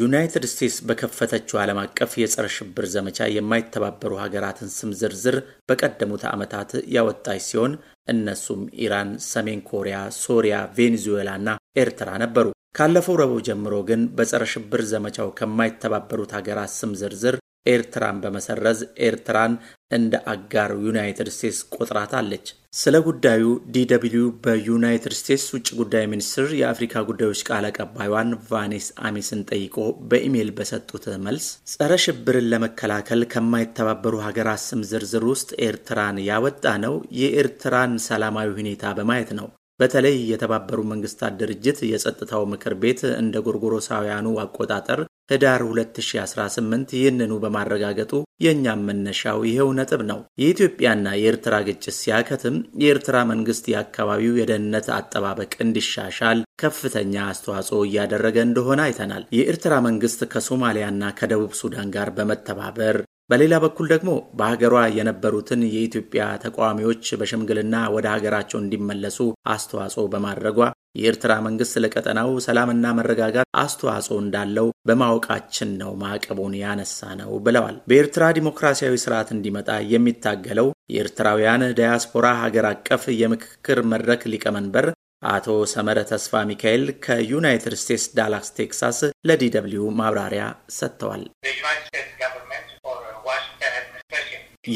ዩናይትድ ስቴትስ በከፈተችው ዓለም አቀፍ የጸረ ሽብር ዘመቻ የማይተባበሩ ሀገራትን ስም ዝርዝር በቀደሙት ዓመታት ያወጣች ሲሆን እነሱም ኢራን፣ ሰሜን ኮሪያ፣ ሶሪያ፣ ቬኔዙዌላ እና ኤርትራ ነበሩ። ካለፈው ረቡዕ ጀምሮ ግን በጸረ ሽብር ዘመቻው ከማይተባበሩት ሀገራት ስም ዝርዝር ኤርትራን በመሰረዝ ኤርትራን እንደ አጋር ዩናይትድ ስቴትስ ቆጥራታለች። ስለ ጉዳዩ ዲደብልዩ በዩናይትድ ስቴትስ ውጭ ጉዳይ ሚኒስትር የአፍሪካ ጉዳዮች ቃል አቀባይዋን ቫኔስ አሚስን ጠይቆ በኢሜይል በሰጡት መልስ ጸረ ሽብርን ለመከላከል ከማይተባበሩ ሀገራት ስም ዝርዝር ውስጥ ኤርትራን ያወጣ ነው የኤርትራን ሰላማዊ ሁኔታ በማየት ነው። በተለይ የተባበሩ መንግስታት ድርጅት የጸጥታው ምክር ቤት እንደ ጎርጎሮሳውያኑ አቆጣጠር ህዳር 2018 ይህንኑ በማረጋገጡ የእኛም መነሻው ይኸው ነጥብ ነው። የኢትዮጵያና የኤርትራ ግጭት ሲያከትም የኤርትራ መንግስት የአካባቢው የደህንነት አጠባበቅ እንዲሻሻል ከፍተኛ አስተዋጽኦ እያደረገ እንደሆነ አይተናል። የኤርትራ መንግስት ከሶማሊያና ከደቡብ ሱዳን ጋር በመተባበር በሌላ በኩል ደግሞ በሀገሯ የነበሩትን የኢትዮጵያ ተቃዋሚዎች በሽምግልና ወደ ሀገራቸው እንዲመለሱ አስተዋጽኦ በማድረጓ የኤርትራ መንግስት ለቀጠናው ሰላምና መረጋጋት አስተዋጽኦ እንዳለው በማወቃችን ነው ማዕቀቡን ያነሳ ነው ብለዋል። በኤርትራ ዲሞክራሲያዊ ስርዓት እንዲመጣ የሚታገለው የኤርትራውያን ዳያስፖራ ሀገር አቀፍ የምክክር መድረክ ሊቀመንበር አቶ ሰመረ ተስፋ ሚካኤል ከዩናይትድ ስቴትስ ዳላስ ቴክሳስ ለዲ ማብራሪያ ሰጥተዋል።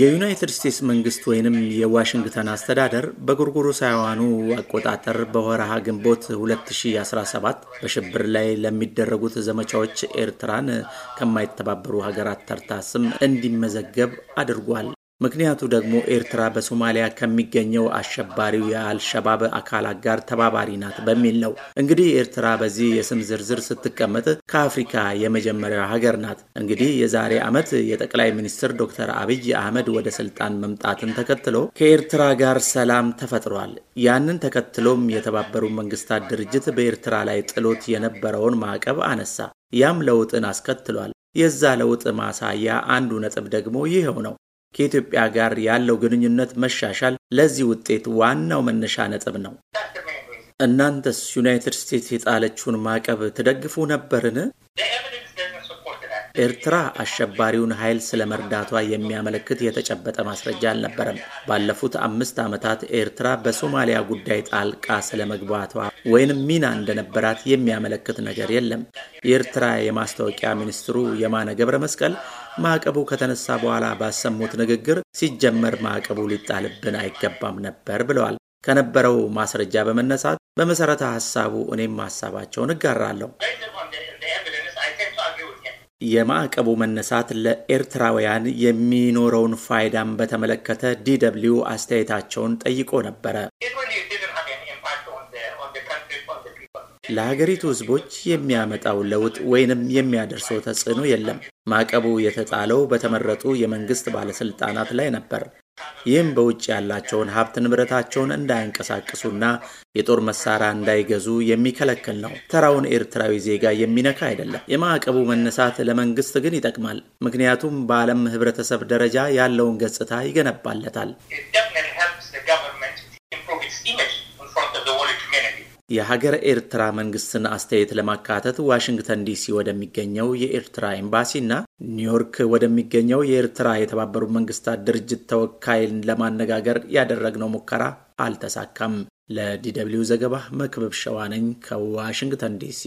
የዩናይትድ ስቴትስ መንግስት ወይንም የዋሽንግተን አስተዳደር በጎርጎሮሳውያኑ አቆጣጠር በወረሃ ግንቦት 2017 በሽብር ላይ ለሚደረጉት ዘመቻዎች ኤርትራን ከማይተባበሩ ሀገራት ተርታ ስም እንዲመዘገብ አድርጓል። ምክንያቱ ደግሞ ኤርትራ በሶማሊያ ከሚገኘው አሸባሪው የአልሸባብ አካላት ጋር ተባባሪ ናት በሚል ነው። እንግዲህ ኤርትራ በዚህ የስም ዝርዝር ስትቀመጥ ከአፍሪካ የመጀመሪያው ሀገር ናት። እንግዲህ የዛሬ ዓመት የጠቅላይ ሚኒስትር ዶክተር አብይ አህመድ ወደ ስልጣን መምጣትን ተከትሎ ከኤርትራ ጋር ሰላም ተፈጥሯል። ያንን ተከትሎም የተባበሩት መንግስታት ድርጅት በኤርትራ ላይ ጥሎት የነበረውን ማዕቀብ አነሳ። ያም ለውጥን አስከትሏል። የዛ ለውጥ ማሳያ አንዱ ነጥብ ደግሞ ይኸው ነው። ከኢትዮጵያ ጋር ያለው ግንኙነት መሻሻል ለዚህ ውጤት ዋናው መነሻ ነጥብ ነው። እናንተስ ዩናይትድ ስቴትስ የጣለችውን ማዕቀብ ትደግፉ ነበርን? ኤርትራ አሸባሪውን ኃይል ስለ መርዳቷ የሚያመለክት የተጨበጠ ማስረጃ አልነበረም። ባለፉት አምስት ዓመታት ኤርትራ በሶማሊያ ጉዳይ ጣልቃ ስለ መግባቷ ወይንም ሚና እንደነበራት የሚያመለክት ነገር የለም። የኤርትራ የማስታወቂያ ሚኒስትሩ የማነ ገብረ መስቀል ማዕቀቡ ከተነሳ በኋላ ባሰሙት ንግግር ሲጀመር ማዕቀቡ ሊጣልብን አይገባም ነበር ብለዋል። ከነበረው ማስረጃ በመነሳት በመሰረተ ሀሳቡ እኔም ሀሳባቸውን እጋራለሁ። የማዕቀቡ መነሳት ለኤርትራውያን የሚኖረውን ፋይዳም በተመለከተ ዲደብሊው አስተያየታቸውን ጠይቆ ነበረ። ለሀገሪቱ ሕዝቦች የሚያመጣው ለውጥ ወይንም የሚያደርሰው ተጽዕኖ የለም። ማዕቀቡ የተጣለው በተመረጡ የመንግስት ባለስልጣናት ላይ ነበር። ይህም በውጭ ያላቸውን ሀብት ንብረታቸውን እንዳያንቀሳቅሱና የጦር መሳሪያ እንዳይገዙ የሚከለክል ነው። ተራውን ኤርትራዊ ዜጋ የሚነካ አይደለም። የማዕቀቡ መነሳት ለመንግስት ግን ይጠቅማል። ምክንያቱም በዓለም ህብረተሰብ ደረጃ ያለውን ገጽታ ይገነባለታል። የሀገር ኤርትራ መንግስትን አስተያየት ለማካተት ዋሽንግተን ዲሲ ወደሚገኘው የኤርትራ ኤምባሲና ኒውዮርክ ወደሚገኘው የኤርትራ የተባበሩት መንግስታት ድርጅት ተወካይን ለማነጋገር ያደረግነው ሙከራ አልተሳካም። ለዲደብሊው ዘገባ መክብብ ሸዋነኝ ከዋሽንግተን ዲሲ